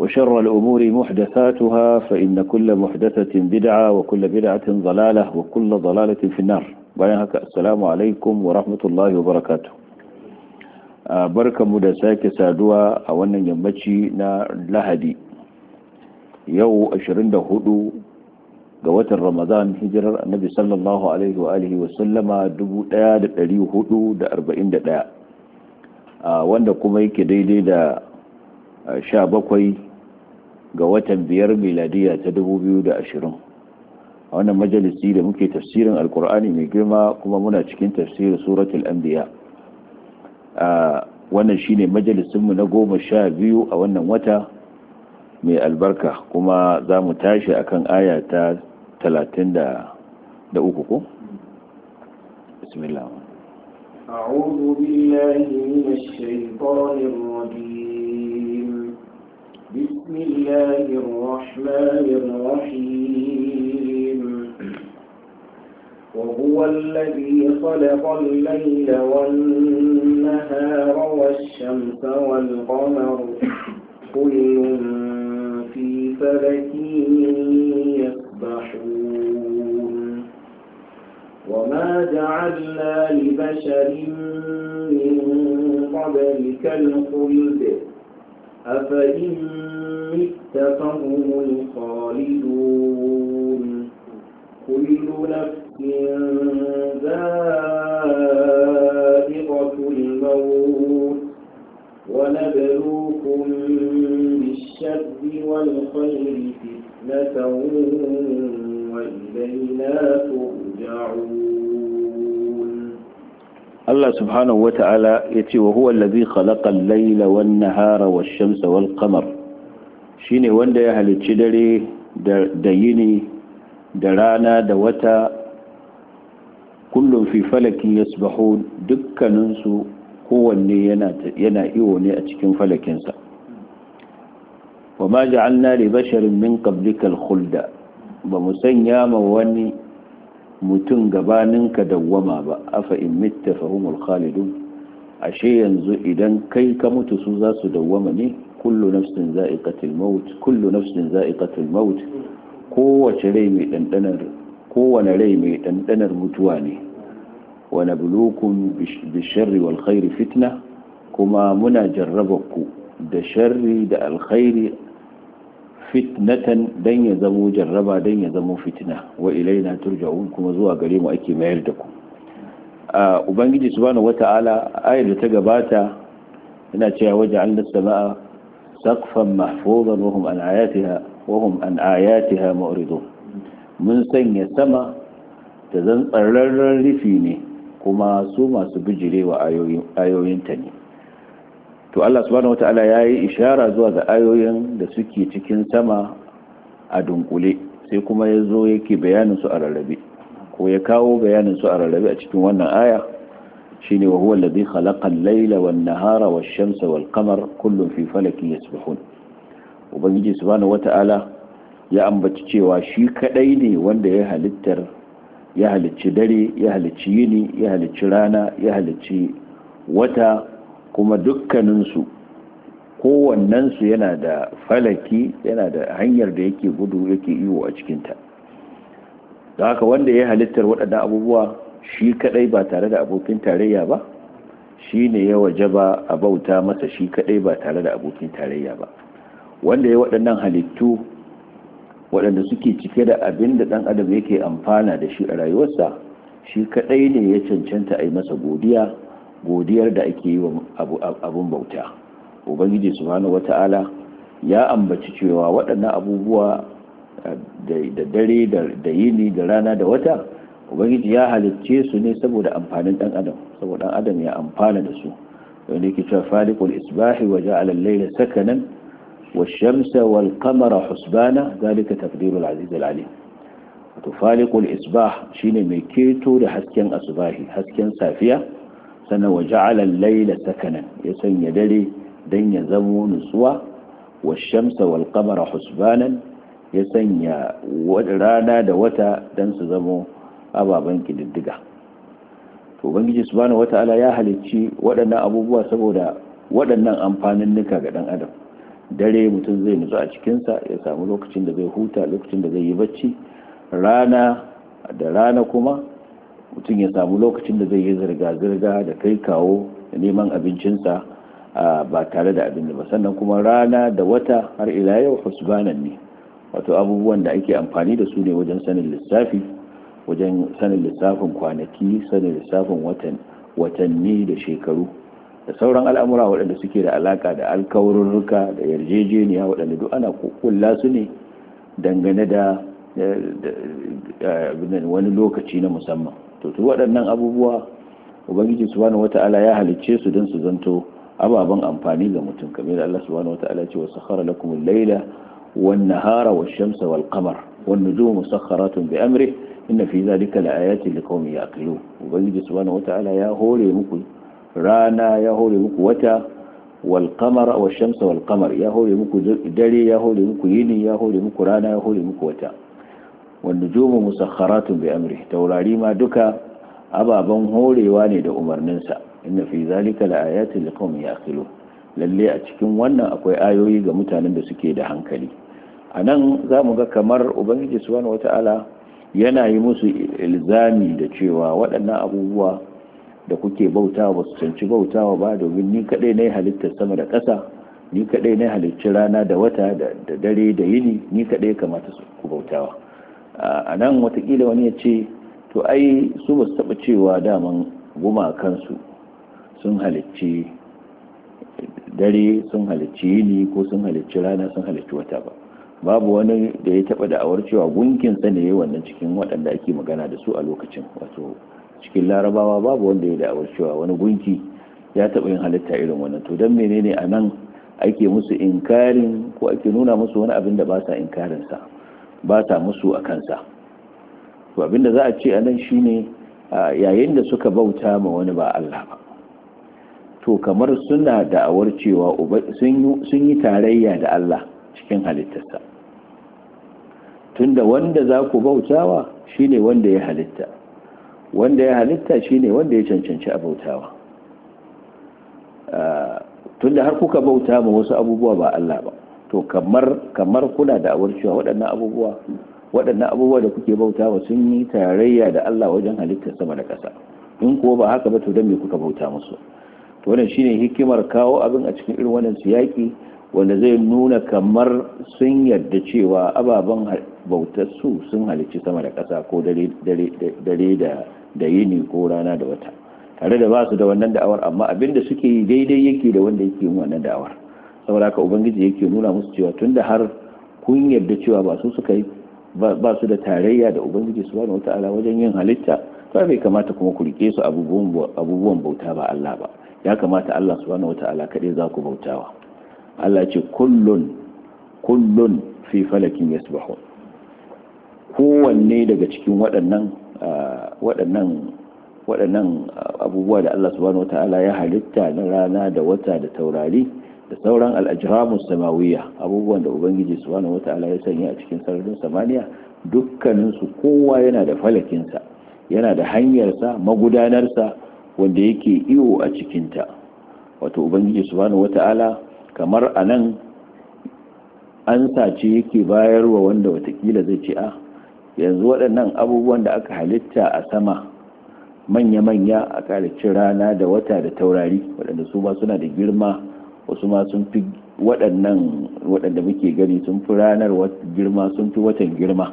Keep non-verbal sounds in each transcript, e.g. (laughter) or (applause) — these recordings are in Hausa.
وشر الأمور محدثاتها فإن كل محدثة بدعة وكل بدعة ضلالة وكل ضلالة في النار بيانك السلام عليكم ورحمة الله وبركاته بركة مدساك سادوا أولا يمتشي نا لهدي يو أشرين دهدو قوات رمضان هجر النبي صلى الله عليه وآله وسلم دبو دا دليو هدو دا أربعين دا وانا كما يكي ديدي دا شابكوي ga watan biyar miladiya ta 2020 a wannan majalisi da muke tafsirin alkur'ani mai girma kuma muna cikin tafsirin suratul anbiya wannan shine majalisinmu na goma sha biyu a wannan wata mai albarka kuma za mu tashi akan aya ta talatin da uku ko? bismillah أعوذ بالله من الشيطان الرجيم بسم الله الرحمن الرحيم وهو الذي خلق الليل والنهار والشمس والقمر كل في فلك يسبحون وما جعلنا لبشر من قبلك الخلد أفإن مت فهم الخالدون كل نفس ذائقة الموت ونبلوكم بالشر والخير فتنة وإلينا ترجعون Allah subhanahu wata'ala ya ce wa huwa allazi khalaqal layla wan nahara wash shamsa wal qamar shine wanda ya halicci dare da yini da rana da wata kullum fi falakin yasbahun dukkanin su kowanne yana yana iwo ne a cikin falakin sa wa ma ja'alna li basharin min qablikal khulda ba sanya ma wani mutum gaba ninka dawwama ba afa in mitta khalidu khalidun ashe yanzu idan kai ka mutu su za su dawwama ne kullu nafsin za'iqatul maut kullu nafsin za'iqatul maut kowace rai mai dandanar kowane rai mai dandanar mutuwa ne wa nabluukum bisharri wal khairi fitna kuma muna jarraba ku da sharri da alkhairi fitnatan dan ya zamo jarraba dan ya zamo fitina wa ilaina turja'un kuma zuwa gare mu ake mayar da ku ubangiji wata ala ayar da ta gabata yana cewa waje an da sama'a saqfan mahfuzan wahum an ayatiha wahum an ayatiha mu'ridun mun sanya sama da zan tsararren rufi ne kuma su masu bijirewa ayoyinta ne to Allah subhanahu wataala yi ishara zuwa ga ayoyin da suke cikin sama a dunkule sai kuma ya zo yake bayanin su a rarrabe ko ya kawo bayanin su a rarrabe a cikin wannan aya shine wa huwa alladhi khalaqa al-layla nahara wash-shamsa wal-qamara kullun fi falakin yasbahun ubangiji subhanahu wataala ya ambaci cewa shi kadai ne wanda ya halittar ya halicci dare ya halicci yini ya halicci rana ya halicci wata kuma dukkaninsu kowannensu yana da falaki yana da hanyar da yake gudu yake iyo a cikinta da haka wanda ya halittar waɗannan abubuwa shi kadai ba tare da abokin tarayya ba shi ne ya wajaba a bauta masa shi kadai ba tare da abokin tarayya ba wanda ya waɗannan halittu waɗanda suke cike da abin da ɗan adam yake amfana da shi a rayuwarsa shi kadai ne ya cancanta a yi masa godiya godiyar da ake yi wa abun bauta ubangiji subhanahu wata'ala ya ambaci cewa waɗannan abubuwa eh, da dare da yini da rana da wata ubangiji ya halicce su ne saboda amfanin dan adam saboda dan adam ya amfana da su don yake cewa faliqul isbahi wa ja'ala al-layla sakanan kamara والقمر zalika zalika تقدير العزيز alim to faliqul isbah shine mai keto da hasken asbahi hasken safiya sannan wa ja'ala al-layla sakanan ya sanya dare dan ya zamo nutsuwa wa shamsa wal qamara husbanan ya sanya rana da wata dan su zamo ababen kididdiga to bangiji subhanahu wataala ya halicci waɗannan abubuwa saboda waɗannan amfanin nuka ga dan adam dare mutum zai nutsu a cikinsa ya samu lokacin da zai huta lokacin da zai yi bacci rana da rana kuma mutum ya samu lokacin da zai yi zirga-zirga da kai kawo da neman abincinsa ba tare da abin da ba sannan kuma rana da wata har ila yau husbanan ne wato abubuwan da ake amfani da su ne wajen sanin lissafi wajen sanin lissafin kwanaki sanin lissafin watanni da shekaru da sauran al'amura waɗanda suke da alaka da alkawarurruka da yarjejeniya waɗanda duk ana kulla su ne dangane da eh, eh, wani lokaci na musamman to su waɗannan abubuwa ubangiji subhanahu wata'ala ya halicce su don su zanto ababen amfani ga mutum kamar da Allah subhanahu wata'ala ce wa sakhara lakum al-laila wan nahara wash-shamsa wal-qamar wan-nujumu musakharatun bi amri inna fi dhalika la liqaumin yaqilun ubangiji subhanahu wata'ala ya hore muku rana ya hore muku wata wal-qamara wash-shamsa wal-qamar ya hore muku dare ya hore muku yini ya hore muku rana ya hore muku wata wanda jomu musakharatun bi amri taurari ma duka ababen horewa ne da umarninsa inna fi zalika laayatin liqaumin yaqilun lalle a cikin wannan akwai ayoyi ga mutanen da suke da hankali anan zamu ga kamar ubangiji subhanahu wataala yana yi musu ilzami da cewa waɗannan abubuwa da kuke bautawa ba su canci bautawa ba domin ni kaɗai na yi halittar sama da ƙasa ni kaɗai na halicci rana da wata da dare da yini ni kaɗai kamata su ku bautawa a nan watakila wani ya ce to ai su ba su taɓa cewa daman gumakansu sun halicci dare sun halicci yini ko sun halicci rana sun halicci wata ba babu wani da ya taɓa da'awar cewa gunkin ne ya wannan cikin waɗanda ake magana da su a lokacin wato cikin larabawa babu wanda ya da'awar cewa wani gunki ya taba yin halitta irin wannan to don menene a nan ake musu inkarin ko ake nuna musu wani abin da ba sa inkarinsa ba ta musu a kansa to abinda za a ce shi ne yayin da suka bauta ma wani ba Allah ba to kamar suna da'awar cewa sun yi tarayya da Allah cikin halittarsa tunda wanda za ku bautawa shine wanda ya halitta wanda ya halitta shine wanda ya cancanci a bautawa tunda har kuka bauta ma wasu abubuwa ba Allah ba to kamar kamar kuna da awar cewa waɗannan abubuwa waɗannan abubuwa da kuke bautawa sun yi tarayya da Allah wajen halittar sama da ƙasa in kuwa ba haka ba to dan me kuka bauta musu to wannan shine hikimar kawo abin a cikin irin wannan siyaki wanda zai nuna kamar sun yarda cewa ababen bautar su sun halicci sama da ƙasa ko dare da yini ko rana da wata tare da ba su da wannan da'awar amma abin da suke yi daidai yake da wanda yake yin wannan da'awar saboda haka ubangiji yake nuna musu cewa tunda har kun yarda cewa ba su suka yi ba su da tarayya da ubangiji subhanahu wataala wajen yin halitta ba bai kamata kuma ku rike su abubuwan bauta ba Allah ba ya kamata Allah subhanahu wataala kaɗai za ku bautawa Allah ce kullun kullun fi falakin yasbahun kowanne daga cikin waɗannan waɗannan waɗannan abubuwa da Allah subhanahu wataala ya halitta na rana da wata da taurari da sauran al'ajiramus samawiya abubuwan da ubangiji su wata wata'ala ya sanya a cikin sararin samaniya dukkaninsu kowa yana da falakinsa yana da hanyarsa magudanarsa wanda yake iyo a cikinta wato ubangiji subhanahu wata'ala kamar a nan an sace yake bayarwa wanda watakila zai ce a ah, yanzu waɗannan abubuwan da aka halitta a sama manya-manya a ƙaricin rana da wata da taurari waɗanda su ba suna da girma wasu ma sun fi waɗannan waɗanda muke gani sun fi ranar girma sun fi watan girma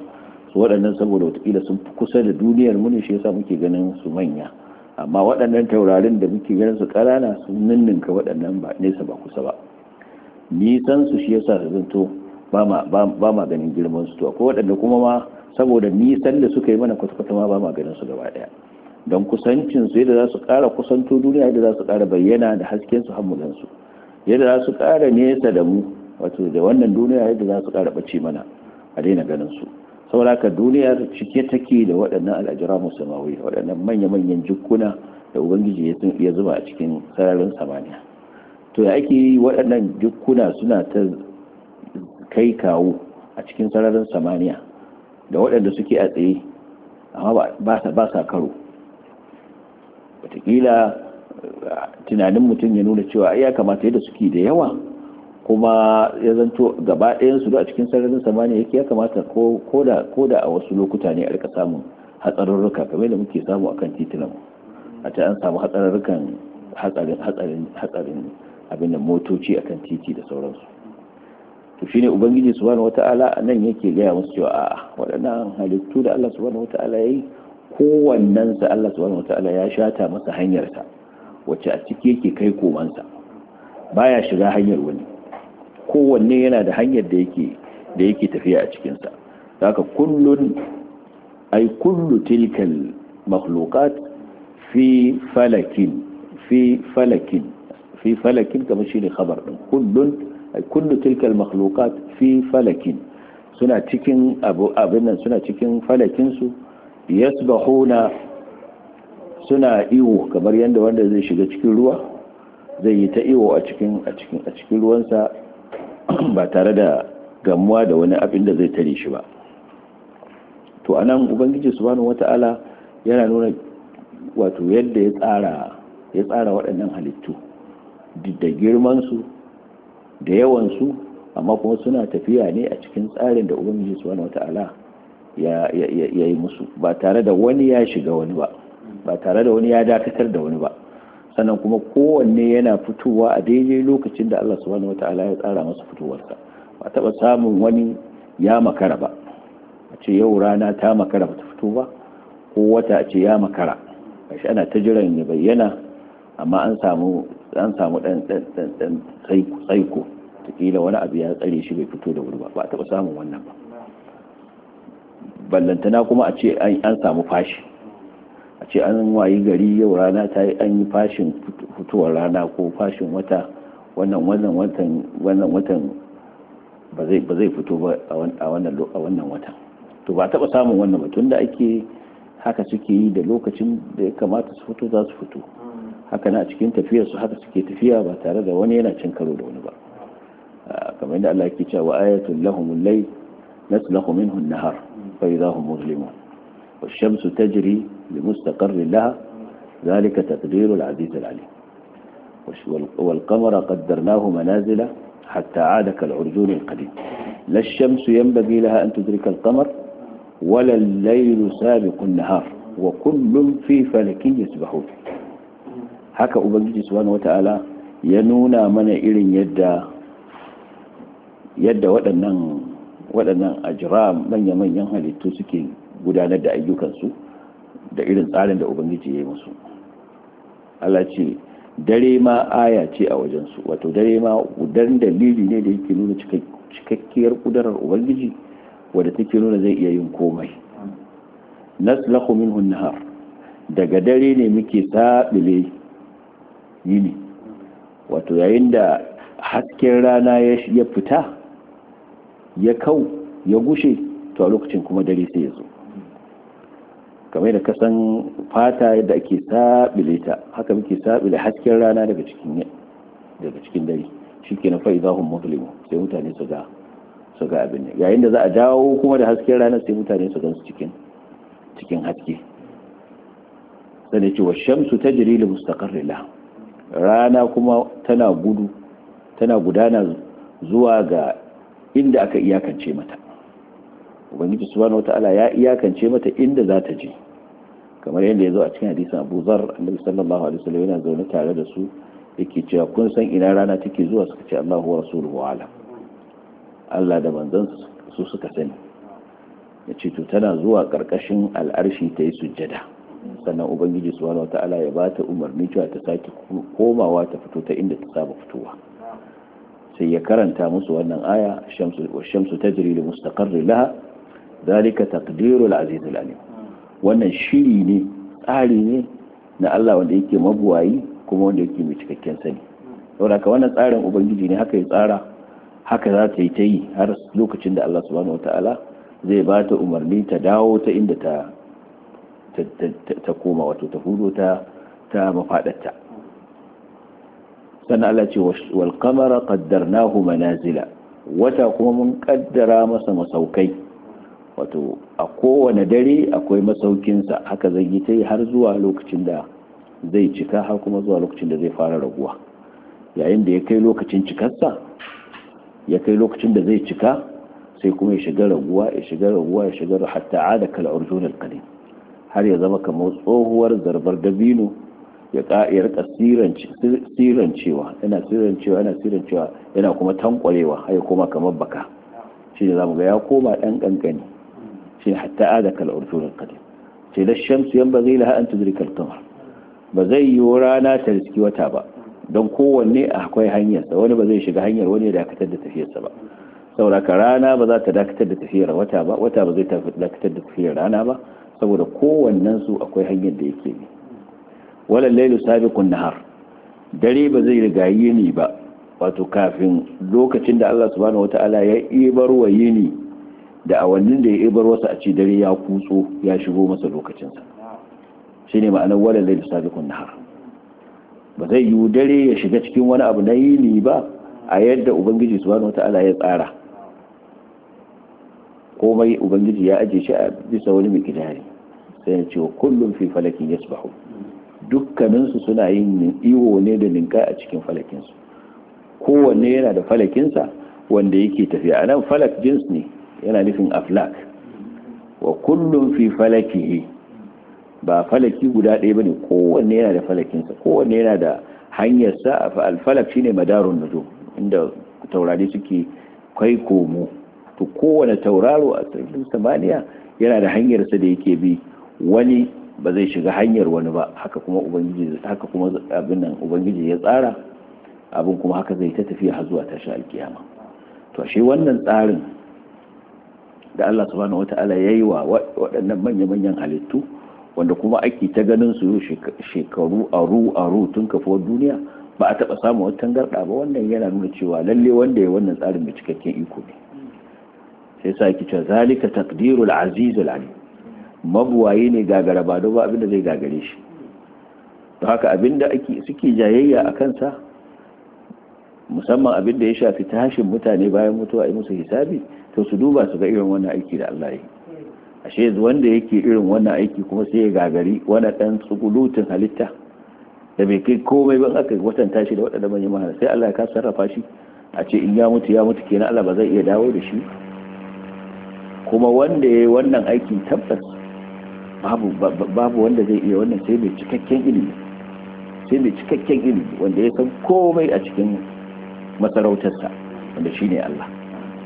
su waɗannan saboda watakila sun fi kusa da duniyar mu ne shi yasa muke ganin su manya amma waɗannan taurarin da muke ganin su ƙarana sun ninninka waɗannan ba nesa ba kusa ba nisan su shi yasa su zanto ba ma ganin girman su to akwai waɗanda kuma ma saboda nisan da suka yi mana kwata-kwata ma ba ma ganin su gaba ɗaya don kusancin su yadda za su ƙara kusanto duniya yadda za su ƙara bayyana da hasken su hammulan su yadda za su ƙara nesa da mu wato da wannan duniya yadda za su ƙara ɓace mana a daina ganin su sauraka duniyar cike take da waɗannan al'ajira musamman waɗannan manya-manyan jikuna da ubangiji ya zuba a cikin sararin samaniya to ya ake yi waɗannan jikuna suna ta kai kawo a cikin sararin samaniya da waɗanda suke a tsaye amma ba sa karo watakila. tunanin mutum ya nuna cewa ya kamata yadda suke da yawa kuma ya zanto gaba ɗayansu da a cikin sararin samaniya yake ya kamata ko da a wasu lokuta ne a rika samun hatsarurruka kamar da muke samu akan titunan a ta an samu hatsarurrukan hatsarin abin da motoci akan titi da sauransu to shine ubangiji su ala wata'ala nan yake gaya musu cewa a'a waɗannan halittu da Allah subhanahu wata'ala yayi kowannen sa Allah subhanahu wata'ala ya shata masa hanyarsa wacce a ciki yake kai komansa baya shiga hanyar wani kowanne yana da hanyar da yake da yake tafiya a cikinsa haka kullun ay kullu tilkal makhluqat fi falakin fi falakin fi falakin kamar shine khabar din kullun ay kullu tilkal makhluqat fi falakin suna cikin abin nan suna cikin falakin su yasbahuna suna iwo kamar yadda wanda zai shiga cikin ruwa zai yi ta iwo a cikin ruwansa (clears throat) ba tare da gamuwa da wani abin da zai tare shi ba to anan ubangiji subhanahu wata'ala yana nuna wato yadda ya tsara tsara waɗannan halittu da girman su da yawan su amma kuma suna tafiya ne a cikin tsarin da ubangiji subhanahu wata'ala ya ya ya yi musu ba tare da wani ya shiga wani ba ba tare da wani ya dakatar da wani ba sannan kuma kowanne yana fitowa a daidai lokacin da Allah subhanahu wataala ya tsara masa fitowarsa ba taba samun wani ya makara ba a ce yau rana ta makara ba ta fito ba ko wata a ce ya makara gashi ana ta jiran ya bayyana amma an samu an samu dan dan dan dan tsaiko kila wani abu ya tsare shi bai fito da wuri ba ba taba samun wannan ba ballantana kuma a ce an samu fashi a ce an wayi gari yau rana ta yi an yi fashin fitowar rana ko fashin wata wannan wannan watan wannan watan ba zai fito ba a wannan a watan to ba taba samun wannan ba da ake haka suke yi da lokacin da ya kamata su fito za su fito haka na cikin tafiyar su haka suke tafiya ba tare da wani yana cin karo da wani ba kamar yadda Allah yake cewa ayatul lahumul lay naslahu minhu an-nahar fa idahum muzlimun والشمس تجري لمستقر لها ذلك تقدير العزيز العليم والقمر قدرناه منازل حتى عاد كالعرجون القديم لا الشمس ينبغي لها أن تدرك القمر ولا الليل سابق النهار وكل في فلك يسبحون حكى أبنجي سبحانه وتعالى ينونا من mana يدى يدى ودنا ودنا أجرام من manya-manyan التوسكين gudanar da ayyukansu da irin tsarin da ubangiji ya yi musu Allah ce dare ma aya ce a wajensu wato dare ma dan dalili ne da yake nuna cikakkiyar kudarar ubangiji wadda take nuna zai iya yin komai naslahu minhu nahar daga dare ne muke sabile yini wato yayin da hasken rana ya fita ya kau ya gushe to a lokacin kuma dare sai ya zo kamar da kasan fata yadda ake sabile ta haka muke sabile hasken rana daga cikin daga cikin dare na fa idahum muslimu sai mutane su ga su ga abin ne yayin da za a jawo kuma da hasken rana sai mutane su gansu cikin cikin haske sai da cewa shamsu tajri li mustaqarrin rila rana kuma tana gudu tana gudana zuwa ga inda aka iyakance mata ubangiji subhanahu wataala ya iyakance mata inda za ta je kamar yadda ya zo a cikin hadisin abu zar annabi sallallahu alaihi wasallam yana zaune tare da su yake cewa kun san ina rana take zuwa suka ce Allahu wa alam Allah da manzon su suka sani ya ce to tana zuwa karkashin al'arshi ta yi sujjada sannan ubangiji subhanahu wata'ala ya bata umarni cewa ta sake komawa ta fito ta inda ta saba fitowa sai ya karanta musu wannan aya shamsu wa shamsu tajri li mustaqarri laha dhalika taqdirul azizul alim wannan shiri ne tsari ne na Allah wanda yake mabuwayi kuma wanda yake mai cikakken sani saboda ka wannan tsarin ubangiji ne haka ya tsara haka za ta yi ta yi har lokacin da Allah subhanahu wataala zai ba ta umarni ta dawo ta inda ta ta koma wato ta hudo ta ta mafadarta sannan Allah ce wal qamara qaddarnahu manazila wata kuma mun kaddara masa masaukai wato a kowane dare akwai masaukinsa haka zai yi ta har zuwa lokacin da zai cika har kuma zuwa lokacin da zai fara raguwa yayin da ya kai lokacin cikarsa ya kai lokacin da zai cika sai kuma ya shiga raguwa ya shiga raguwa ya shiga hatta ada kal urjunal qadim har ya zama kamar tsohuwar zarbar dabino ya ka'ir tsiran cewa yana cewa yana kuma tankwarewa har ya koma kamar baka shi ne zamu ga ya koma dan kankani ce hatta ada kal ursul qadim ce da shamsu yanbaghi laha an tudrika al qamar ba zai yi rana ta riski wata ba don kowanne akwai hanyarsa wani ba zai shiga hanyar wani ya dakatar da tafiyarsa ba sauraka rana ba za ta dakatar da tafiyar wata ba wata ba zai dakatar da tafiyar rana ba saboda kowannen su akwai hanyar da yake bi wala lailu dare ba zai yini ba wato kafin lokacin da Allah subhanahu ya ibar wa yini da awannin da ya ibar wasu a ci dare ya kutso ya shigo masa lokacinsa shi ne ma'anar wadda zai na nahar ba zai yi dare ya shiga cikin wani abu na yi yini ba a yadda ubangiji su wani ala ya tsara komai ubangiji ya ajiye shi a bisa wani gidari sai ya ce kullum fi falakin ya subahu dukkaninsu suna yin iwo ne da ninka a cikin falakinsu kowanne yana da falakinsa wanda yake tafiya a nan falak jins ne yana nufin aflak wa kullum fi falakihi ba falaki guda ɗaya bane kowanne yana da falakinsa kowanne yana da hanyarsa alfalak shine madarun nujum inda taurari suke kai komo to kowane tauraro a samaniya yana da hanyarsa da yake bi wani ba zai shiga hanyar wani ba haka kuma ubangiji abin nan ubangiji ya tsara abin kuma haka zai ta tafiya har zuwa tashi alkiyama to shi wannan tsarin da Allah subhanahu wata'ala yi wa waɗannan manya-manyan halittu wanda kuma ake ta ganin su shekaru aru aru tun kafuwar duniya ba a taɓa samun wata tangarɗa ba wannan yana nuna cewa lalle wanda ya wannan tsarin mai cikakken iko ne sai sa ki ce zalika taqdirul aziz al alim mabuwaye ne gagara ba ba abin da zai gagare shi don haka abin da suke jayayya a kansa musamman abin da ya shafi tashin mutane bayan mutuwa a musu hisabi to su duba su ga irin wannan aiki da Allah ya ashe wanda yake irin wannan aiki kuma sai ya gagari wani dan tsugulutin halitta da bai kai komai ba aka watanta shi da waɗanda manyan mahala sai Allah ya ka sarrafa shi a ce in ya mutu ya mutu kenan Allah ba zai iya dawo da shi kuma wanda ya yi wannan aiki tabbas babu babu wanda zai iya wannan sai mai cikakken ilimi sai mai cikakken ilimi wanda ya san komai a cikin masarautarsa wanda shine Allah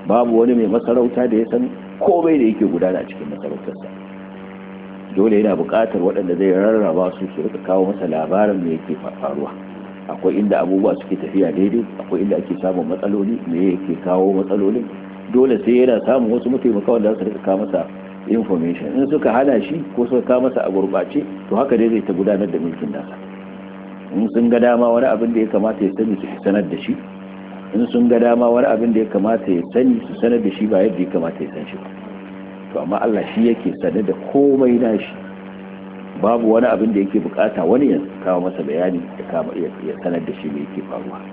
babu wani mai masarauta da ya san komai da yake gudana a cikin masarautarsa dole yana buƙatar waɗanda zai rarraba su su rika kawo masa labarin da yake faruwa akwai inda abubuwa suke tafiya daidai akwai inda ake samun matsaloli me yake kawo matsaloli dole sai yana samun wasu mutaimaka wanda su rika kawo masa information in suka hana shi ko suka kawo masa a gurɓace to haka dai zai ta gudanar da mulkin nasa in sun ga dama wani abin da ya kamata ya sani su sanar da shi in sun ga dama wani abin da ya kamata ya sani su sanar da shi ba yadda ya kamata ya san shi ba to amma Allah shi yake sanar da komai nashi babu wani abin da yake bukata wani ya kawo masa bayani ya kama ya sanar da shi mai yake faruwa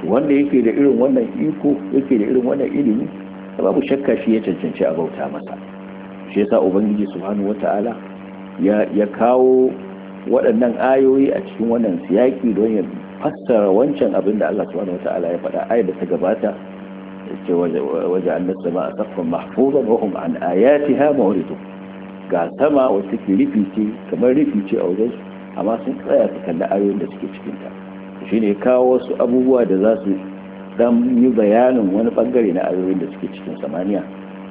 to wanda yake da irin wannan iko yake da irin wannan ilimi babu shakka shi ya cancanci a bauta masa shi yasa ubangiji subhanahu wataala ya ya kawo waɗannan ayoyi a cikin wannan siyaki don ya fassara wancan abin da Allah subhanahu wata'ala ya faɗa ai da ta gabata ce waje an nasa ma a saffan mahfuzan wahum an ayatiha ma'uridu ga sama wacce ke rufi ce kamar rufi ce a wajen amma sun tsaya su kalli ayoyin da suke cikinta shi ne kawo wasu abubuwa da za su dan yi bayanin wani bangare na ayoyin da suke cikin samaniya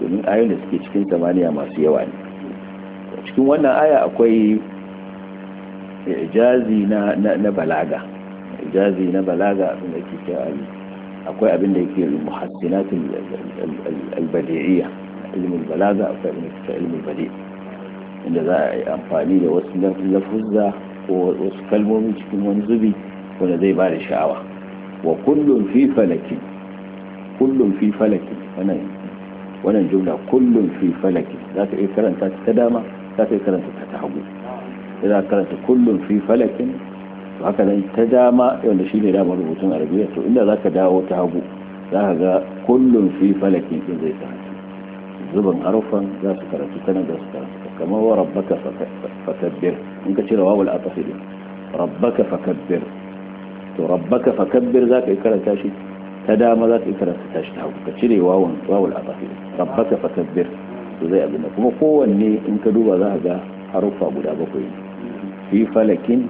domin ayoyin da suke cikin samaniya masu yawa ne cikin wannan aya akwai ijazi na balaga jazi na balaga abin da ke cewa akwai abin da yake muhassinatul albadi'iyya ilmin balaga akwai abin da ke ilmin bade inda za a yi amfani da wasu lafuzza ko wasu kalmomi cikin wani zubi wanda zai ba da sha'awa wa kullum fi falakin kullum fi falakin wannan wannan jumla kullum fi falakin za ka iya karanta ta dama za ka iya karanta ta hagu za ka karanta kullum fi falakin haka nan ta dama wanda shi ne damar rubutun arabiya to inda za ka dawo ta hagu za ka ga kullum fi falakin ɗin zai karatu zubin harufan za su karatu ta nan za su karatu kamar wa rabbaka fakabbir in ka cire wawul a tafi rabbaka fakabbir to rabbaka fakabbir za ka yi karanta shi ta dama za ka yi karanta ta shi ta hagu ka cire wawul a tafi rabbaka fakabbir to zai abin da kuma kowanne in ka duba za ka ga harufa guda bakwai fi falakin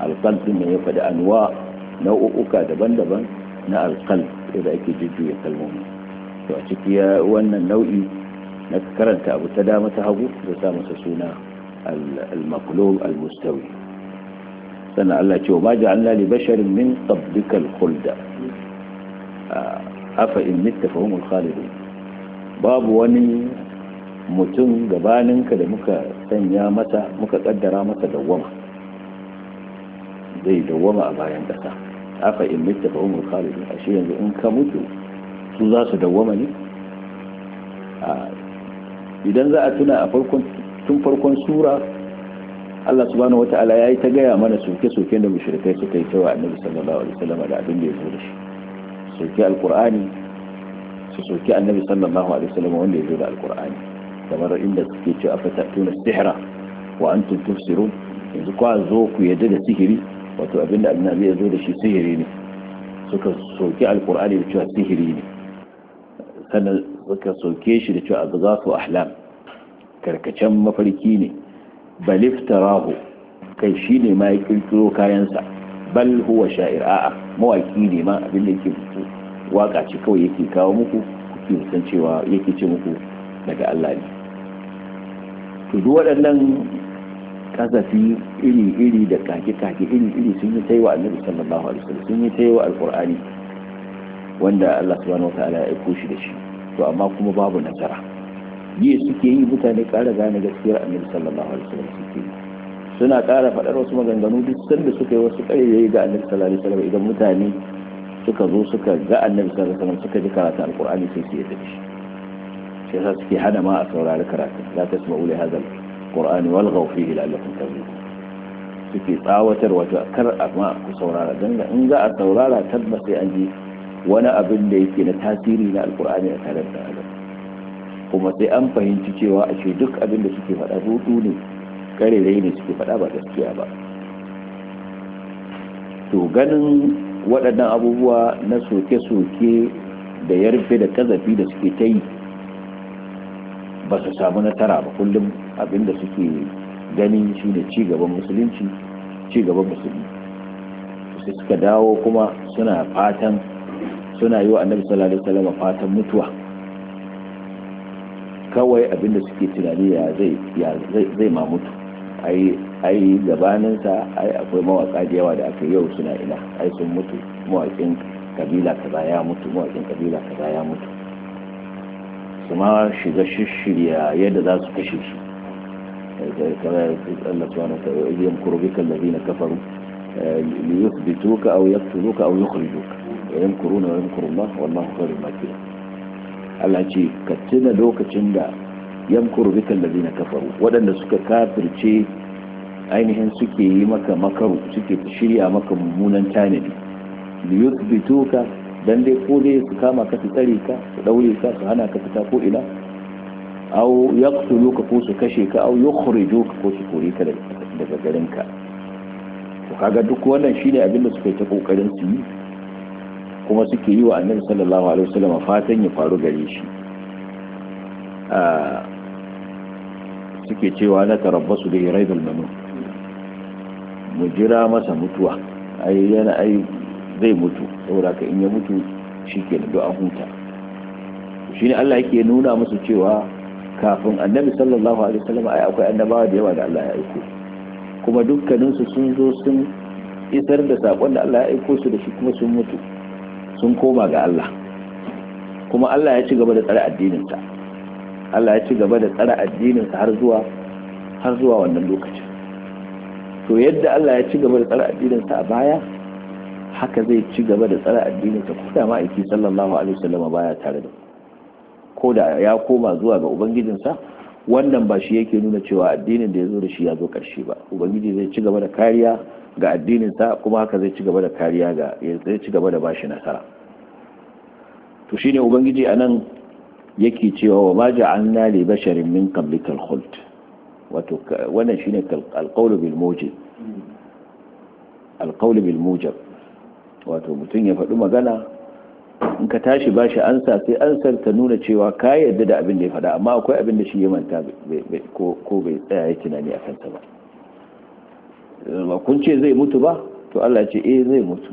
alqalb ne ya faɗi anwa nau'uka daban-daban na alƙal da ake jujjuya kalmomi to a ciki wannan nau'i na karanta abu ta dama ta hagu da sa masa suna al-maqlub al-mustawi sannan Allah ce wa ma ja'alna li basharin min qablika al-khulda afa in mitta fa humul khalidun babu wani mutum gabaninka da muka sanya masa muka kaddara masa dawwama zai dawwama a bayan ƙasa afa in mitta fa Umar khalid ashe yanzu in ka mutu su za su dawwama ne idan za a tuna a farkon tun farkon sura Allah subhanahu wata'ala yayi ta gaya mana soke-soken da mushrikai suka yi cewa Annabi sallallahu alaihi wasallam da abin da ya zo da shi soke alqur'ani su soke Annabi sallallahu alaihi wasallam wanda ya zo da alqur'ani kamar inda suke cewa afatatuna sihra wa antum tufsirun yanzu kwa zo ku yadda da sihiri wato abinda annabi ya zo da shi sihiri ne suka soke alkur'ani da cewa sihiri ne sannan suka soke shi da cewa su ahlam karkacen mafarki ne baliftarahu kai shine ma ya kirkiro kayansa bal huwa sha'ir a'a mawaki ne ma abinda yake waka ce kawai yake kawo muku kuke san cewa yake ce muku daga Allah ne to duk waɗannan kasafi iri-iri da kake-kake iri-iri sun yi taiwa annabi sallallahu alaihi wasallam sun yi taiwa alqur'ani wanda Allah subhanahu wataala ya aiko shi da shi to amma kuma babu nasara yi suke yi mutane ƙara gane gaskiyar annabi sallallahu alaihi wasallam suke yi suna kara faɗar wasu maganganu duk sanda suka yi wasu ƙaryayi ga annabi sallallahu alaihi wasallam idan mutane suka zo suka ga annabi sallallahu alaihi wasallam suka ji karatu alqur'ani sai su yi da shi sai suke hana ma a saurari karatu la tasma'u li hadha القرآن والغوا فيه لعلكم تغلبون suke tsawatar ta kar a ma ku saurara don in za a saurara tabbas sai an ji wani abin da yake na tasiri na alkur'ani a tare da adam kuma sai an fahimci cewa a ce duk abin da suke faɗa hutu ne karerai ne suke faɗa ba gaskiya ba to ganin waɗannan abubuwa na soke-soke da yarfe da kazafi da suke ta yi ba su samu nasara ba kullum abinda suke gani shine ci gaban musulunci cigaban musulmi su suka dawo kuma suna fatan suna yi wa annabi sallallahu alaihi wasallam fatan mutuwa kawai abinda suke tunani ya zai ya zai zai ma mutu ai ai gabanin sa ai akwai mawaka da yawa da aka yau suna ina ai sun mutu mawakin kabila kaza ya mutu mawakin kabila kaza ya mutu su ma shiga shishirya yadda za su kashe su Allah ce ka tuna lokacin da yamkuru kafaru waɗanda suka kafirce ainihin suke yi maka makaru suke shirya maka mummunan tanadi li dan dai ko dai su kama ka su tsare ka su daure ka su hana ka fita ko ina aw yaqtuluka ko su kashe ka aw yukhrijuka ko su kore ka daga garin ka to kaga duk wannan shine abin da suka yi ta kokarin su yi kuma suke yi wa annabi sallallahu alaihi wasallam fatan ya faru gare shi suke cewa na tarabbasu da raibul manun mu jira masa mutuwa ai yana ai zai mutu saboda ka in ya mutu shi ke da du'an huta shi ne Allah yake nuna musu cewa kafin annabi sallallahu alaihi wasallam ai akwai annabawa da yawa da Allah ya aiko kuma dukkaninsu sun zo sun isar da sakon da Allah ya aiko su da shi kuma sun mutu sun koma ga Allah kuma Allah ya ci gaba da tsare addininsa Allah ya ci gaba da tsare addininsa har zuwa har zuwa wannan lokacin to yadda Allah ya ci gaba da tsare addininsa a baya haka zai ci gaba da tsara ta ko da ma'aiki sallallahu alaihi wasallam baya tare da ko da ya koma zuwa ga ubangijinsa wannan ba shi yake nuna cewa addinin da ya zo da shi ya zo karshe ba ubangiji zai ci gaba da kariya ga addinin sa kuma haka zai ci gaba da kariya ga zai ci gaba da bashi nasara to shine ubangiji anan yake cewa wa ma ja'alna li basharin min qablika al-khuld wato wannan shine al-qawlu bil mujib al-qawlu bil mujib wato mutum ya faɗi magana in ka tashi ba shi ansa sai ansar ta nuna cewa ka yadda da abin da ya faɗa amma akwai abin da shi ya manta ko bai tsaya ya tunani a kansa ba ba kun ce zai mutu ba to Allah ce eh zai mutu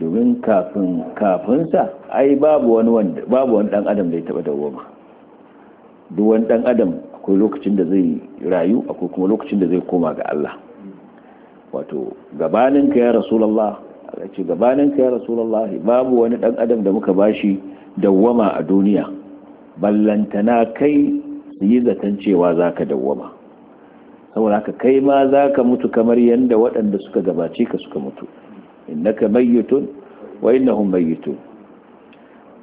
domin kafin kafinsa ai babu wani wanda dan adam da ya taba dawoma duk wani dan adam akwai lokacin da zai rayu akwai kuma lokacin da zai koma ga Allah wato gabaninka ya rasulullah a ce gabanin ka ya rasulullahi babu wani dan adam da muka bashi dawwama a duniya ballantana kai yi zaton cewa zaka dawwama saboda haka kai ma zaka mutu kamar yadda waɗanda suka gabace ka suka mutu innaka mayyitun wa innahum mayyitun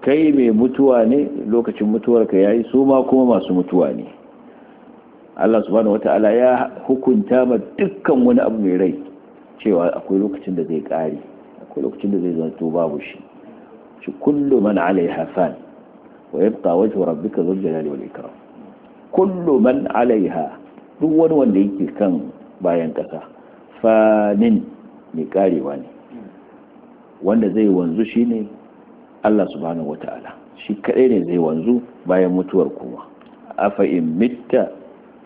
kai mai mutuwa ne lokacin ka yayi su ma kuma masu mutuwa ne Allah subhanahu wata'ala ya hukunta ma dukkan wani abu mai rai cewa akwai lokacin da zai kare akwai lokacin da zai zanto babu shi shi kullum man alaiha fan wa yabqa wajhu rabbika dhul jalali wani ikram Kullum man alaiha duk wani wanda yake kan bayan kasa fanin mai karewa ne wanda zai wanzu shine Allah subhanahu wataala shi kadai ne zai wanzu bayan mutuwar kowa afa in mitta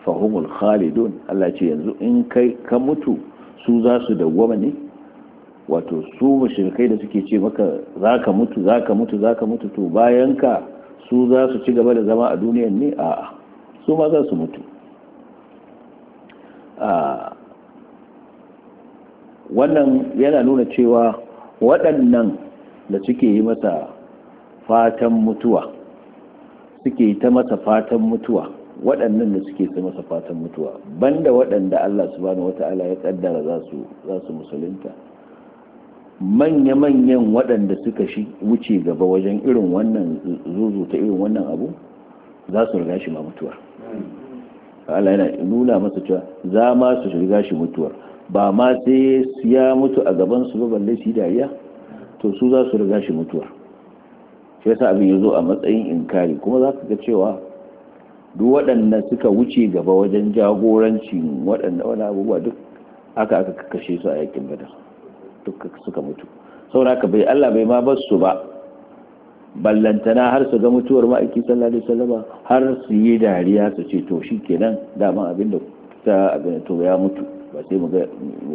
fahumul khalidun Allah ce yanzu in kai ka mutu su za su dawwama ne wato su mashirkai da suke ce maka za ka mutu za ka mutu za ka mutu to bayan ka su za su ci gaba da zama a duniyan ne a su ma za su mutu wannan yana nuna cewa waɗannan da suke yi masa fatan mutuwa suke yi ta masa fatan mutuwa waɗannan da suke ta masa fatan mutuwa banda waɗanda Allah subhanahu wata'ala ya kaddara za su musulunta manya-manyan waɗanda suka shi wuce gaba wajen irin wannan ta irin wannan abu za su riga shi ma mutuwar Allah yana nuna masa cewa za ma su riga shi mutuwar ba ma sai ya mutu a gaban su babban laifi su dariya to su za su riga shi mutuwar shi yasa abin ya zo a matsayin inkari kuma za ka ga cewa duk waɗanda suka wuce gaba wajen jagorancin waɗanda wani abubuwa duk aka aka kashe su a yakin badar duka suka mutu sauraka bai Allah bai ma bar su ba ballantana har su ga mutuwar ma'aiki sallallahu alaihi wasallam har su yi dariya su ce to shikenan daman abin da ta abin to ya mutu ba sai mu ga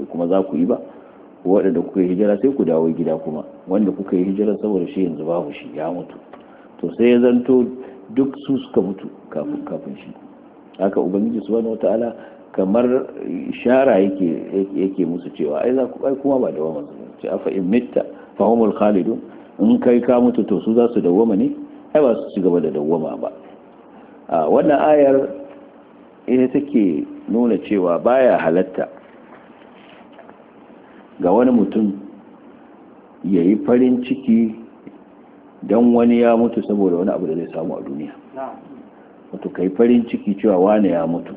kuma za ku yi ba waɗanda kuka yi hijira sai ku dawo gida kuma wanda kuka yi hijira saboda shi yanzu babu shi ya mutu to sai ya zanto duk su suka mutu kafin kafin shi haka ubangiji subhanahu wataala kamar shara yake musu cewa ai za ku kai kuma ba dawama su ce afa in mitta fa humul khalidun in kai ka mutu to su za su dawama ne ai ba su ci gaba da dawama ba a wannan ayar ita take nuna cewa baya halatta ga wani mutum ya yi farin ciki don wani ya mutu saboda wani abu da zai samu a duniya wato kai farin ciki cewa wani ya mutu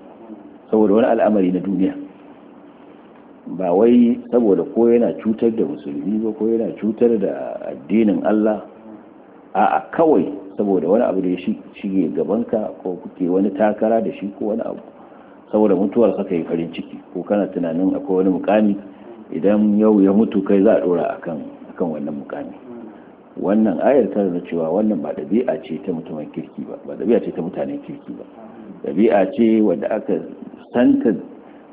saboda wani al'amari na duniya ba wai saboda ko yana cutar da musulmi ba ko yana cutar da addinin Allah a kawai saboda wani abu da ya shige gabanka ko kuke wani takara da shi ko wani abu saboda mutuwar kaka yi farin ciki ko kana tunanin akwai wani mukami idan yau ya mutu kai za a dora akan akan wannan mukami wannan ayar ta cewa wannan ba dabi'a ce ta mutumin kirki ba ba dabi'a ce ta mutanen kirki ba ɗabi'a ce wadda aka santa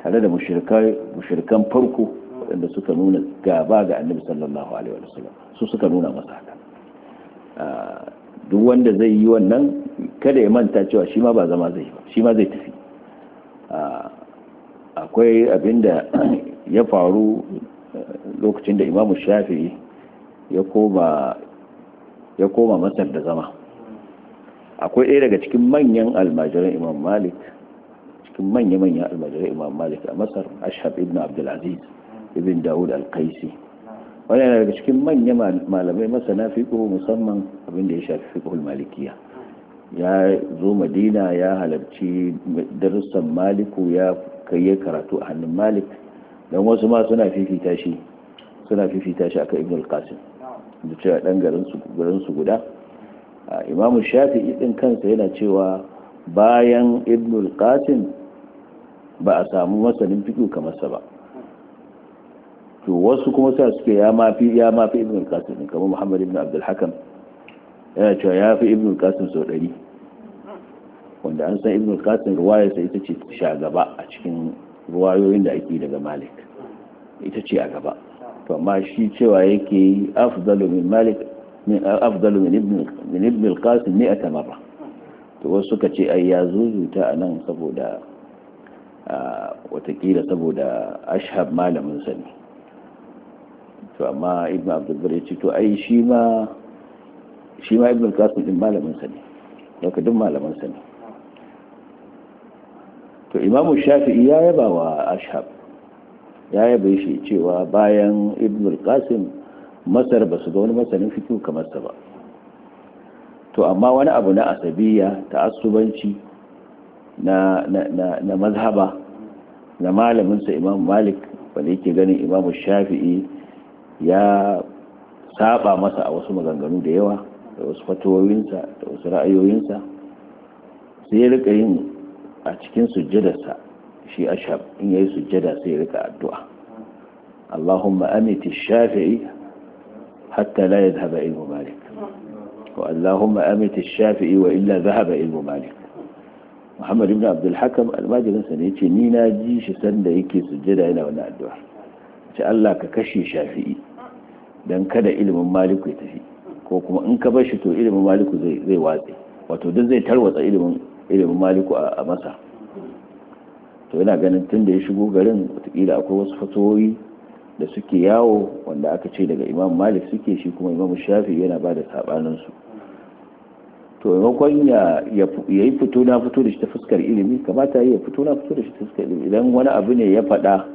tare da mushirkan farko waɗanda suka nuna gaba ga annabi sallallahu alaihi wa sallam su suka nuna masa haka ah, duk wanda zai yi wannan kada ya manta cewa shi ma ba zama zai ba shi ma zai tafi ah, akwai abinda (clears throat) ya faru eh, lokacin da imamu shafi ya koma masar da zama akwai ɗaya daga cikin manyan almajirin imam malik cikin manya-manyan almajirin imam malik a masar ashab ibn abdulaziz ibn dawud al-qaisi wani yana daga cikin manya malamai masana fiƙo musamman abin da ya shafi fiƙo malikiya ya zo madina ya halarci darussan maliku ya kai karatu a hannun malik don wasu ma suna fifita shi suna fifita shi akan ibn al-qasim da cewa ɗan garinsu guda imam shafi'i din kansa yana cewa bayan ibnul qasim ba a samu masanin fiqh kamar sa ba to wasu kuma sa suke ya mafi ya mafi ibnul qasim kamar muhammad ibn abdul hakam yana cewa ya fi ibnul qasim sau dari wanda an san ibnul qasim ruwaya sa ita ce sha gaba a cikin ruwayoyin da ake daga malik ita ce a gaba to amma shi cewa yake afdalu min malik min afdalu min ibn min ibn al-qasim 100 marra to wasu suka ce ai ya zuzuta anan saboda watakila saboda ashhab malamin sani to amma ibn abdul bari ce to shi ma shi ma ibn al-qasim din sani daga duk malaman sani to imamu shafi'i ya yaba wa ashhab ya yaba shi cewa bayan ibn al masar ba su ga wani masanin fito kamar sa ba to amma wani abu na asabiya asubanci na na na mazhaba na malaminsa Imam Malik wanda yake ganin imamu Shafi'i ya saba masa a wasu maganganu da yawa da wasu fatawoyinsa da wasu ra'ayoyinsa sai ya rika yin a cikin sujjadarsa shi ashab in yi sujjada sai ya rika addu'a Allahumma amiti shafi'i hatta la yadhhaba ilmu malik wa allahumma amit ash-shafi'i wa illa zahaba ilmu malik Muhammad ibnu Abdul Hakam almajirin sa ne yace ni na ji shi sanda yake sujjada yana wannan addu'a ce Allah ka kashe Shafi'i dan kada ilimin Malik ya tafi ko kuma in ka bar shi to ilimin Malik zai zai wato duk zai tarwatsa ilimin ilimin Malik a masa to yana ganin tun da ya shigo garin watakila akwai wasu fatoyi da suke yawo wanda aka ce daga imam malik suke shi kuma imam shafi yana ba da saɓaninsu to maimakon ya yi fito na fito da shi ta fuskar ilimi kamata ya fito na fito da shi ta fuskar ilimi idan wani abu ne ya faɗa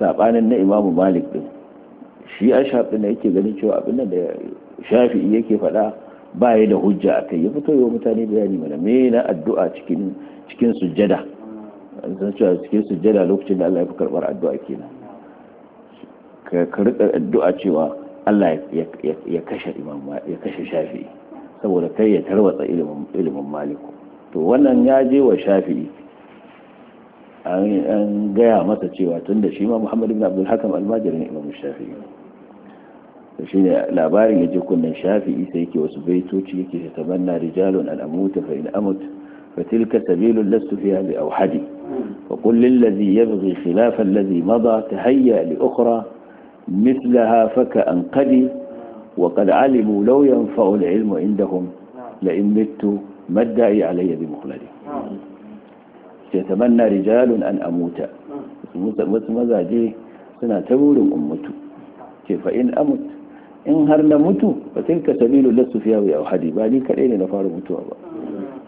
saɓanin na imam malik din shi a shafi na yake ganin cewa abin da shafi yake faɗa ba ya da hujja a kai ya fito yi wa mutane bayani mana me na addu'a cikin cikin sujjada san cewa cikin sujjada lokacin da Allah ya fi karɓar addu'a kenan ka rika addu'a cewa Allah ya kashe ya kashe shafi'i saboda kai ya tarwatsa ilimin maliku to wannan ya je wa shafi'i an gaya masa cewa tun da shi ma muhammad ibn abdul hakam almajirin imam shafi'i to shi ne labarin ya je kunnen shafi'i sai yake wasu baitoci yake ta tabanna rijalun al'amuta fa in amut fa tilka sabilun lastu fiha bi awhadi fa qul lil ladhi li ukhra مثلها فكأن قدي وقد علموا لو ينفع العلم عندهم لإن مت ما الداعي علي بمخلدي يتمنى رجال أن أموت مثل ماذا جي سنة تقول كيف إن أمت إن هرنا مت فتلك سبيل لست فيها يا أحدي بعد كالين نفار متوا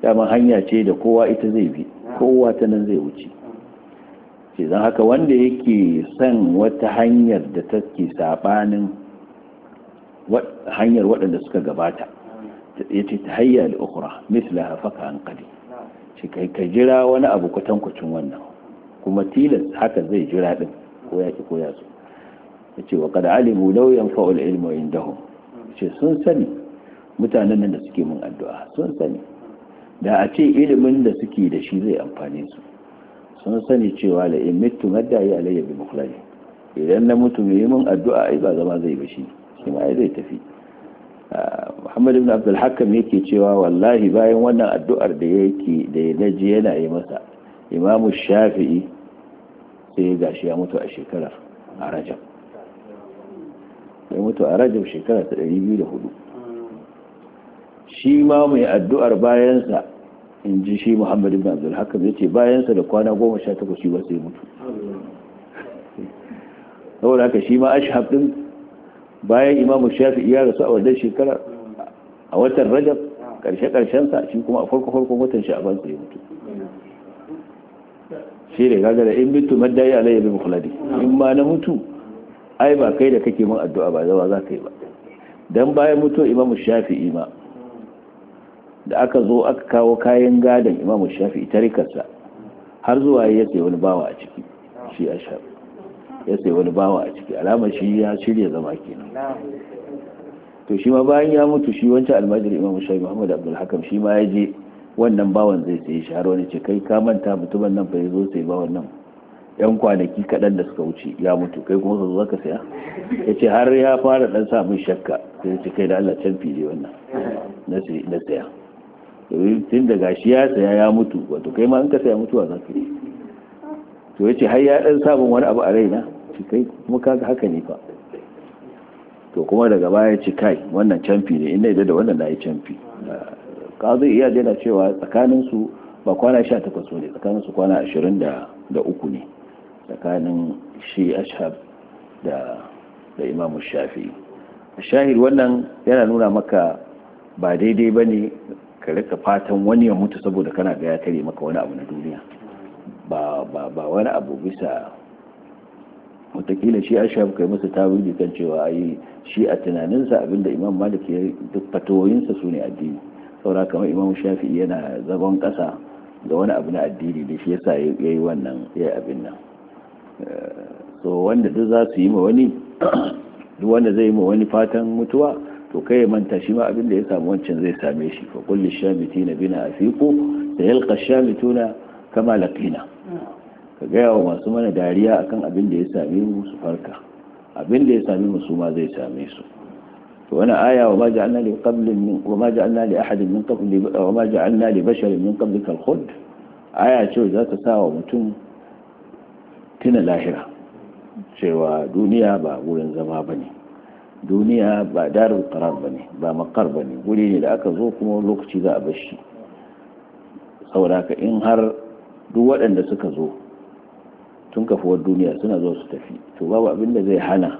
يا ما هنيا شيء قوة إتزيبي قوة تنزيبي ce don haka wanda yake son wata hanyar da take sabanin hanyar waɗanda suka gabata ya ce ta hayya al'ukura misla hafaka an kadi shi kai ka jira wani abu kwatankwacin wannan kuma tilas haka zai jira ɗin ko ya ko ya so ya wa kada alimu lauyan fa'ul ilmu indahum ce sun sani mutanen nan da suke mun addu'a sun sani da a ce ilimin da suke da shi zai amfane su sun sani cewa la in mitu madda ya alayya bi mukhlali idan na mutu mai mun addu'a ai ba zama zai ba shi shi ma zai tafi ah, Muhammad ibn Abdul Hakam yake cewa wallahi bayan wannan addu'ar da yake da ya naji yana yi masa Imam Shafi'i sai ya gashi ya mutu a shekarar a Rajab ya mutu a Rajab shekara ta 204 shi ma mai addu'ar bayansa in ji shi muhammad ibn abdul hakim ya ce bayansa da kwana goma sha takwas shi ba sai mutu saboda haka shi ma ashhab din bayan imamu shafi iya rasu a wannan shekara a watan rajab karshe karshen sa shi kuma a farko farkon watan sha'ban sai mutu shi ne kaga in mutu madai alayya bi mukhladi in ma na mutu ai ba kai da kake min addu'a ba zawa za ka yi ba dan bayan mutu imamu shafi'i ma da aka zo aka kawo kayan gadon imam shafi tarikarsa har zuwa ya sai wani bawa a ciki shi a shafi ya sai wani bawa a ciki alamar shi ya shirya zama kenan to shi ma bayan ya mutu shi wancan almajiri imam shafi muhammad abdul hakam shi ma ya je wannan bawan zai sai shi har wani ce kai ka manta mutumin nan fa ya zo sai bawan nan yan kwanaki kaɗan da suka wuce ya mutu kai kuma su zaka saya ya ce har ya fara ɗan samun shakka sai ya ce kai da allah canfi ne wannan na saya tun da gashi ya saya ya mutu wato kai ma in ka saya mutuwa za ka yi to yace har ya dan sabon wani abu a raina shi kai kuma kaga haka ne fa to kuma daga baya ya kai wannan camfi ne inda idan da wannan na yi camfi kaza iya yana cewa tsakanin su ba kwana 18 ne tsakanin su kwana uku ne tsakanin shi ashab da da imamu shafi shahid wannan yana nuna maka ba daidai ba ne ka rika fatan wani ya mutu saboda kana ga ya tare maka wani abu na duniya ba ba ba wani abu bisa Wataƙila shi a shafi kai masa tawili kan cewa yi shi a tunaninsa abinda imam malik ya duk fatoyinsa su ne addini saura kamar imam shafi yana zagon kasa ga wani abu na addini da shi yasa ya yi wannan ya abin nan eh, so wanda duk za su yi ma wani duk wanda zai yi ma wani fatan mutuwa to kai ya manta shi ma abin da ya samu wancan zai same shi fa kulli shamitina bina afiqu da yalqa shamituna kama laqina ka gaya wa masu mana dariya akan abin da ya same mu su farka abin da ya same mu su ma zai same su to wani aya wa ma ja'alna li qablin min wa ma ja'alna li ahadin min qabli wa ma ja'alna li basharin min qablika al-khuld aya ce za ta sa wa mutum tuna lahira cewa duniya ba wurin zama bane duniya ba darul qarar bane ba makar bane guri ne da aka zo kuma lokaci za a bar shi saboda in har duk waɗanda suka zo tun kafuwar duniya suna zo su tafi to babu abin da zai hana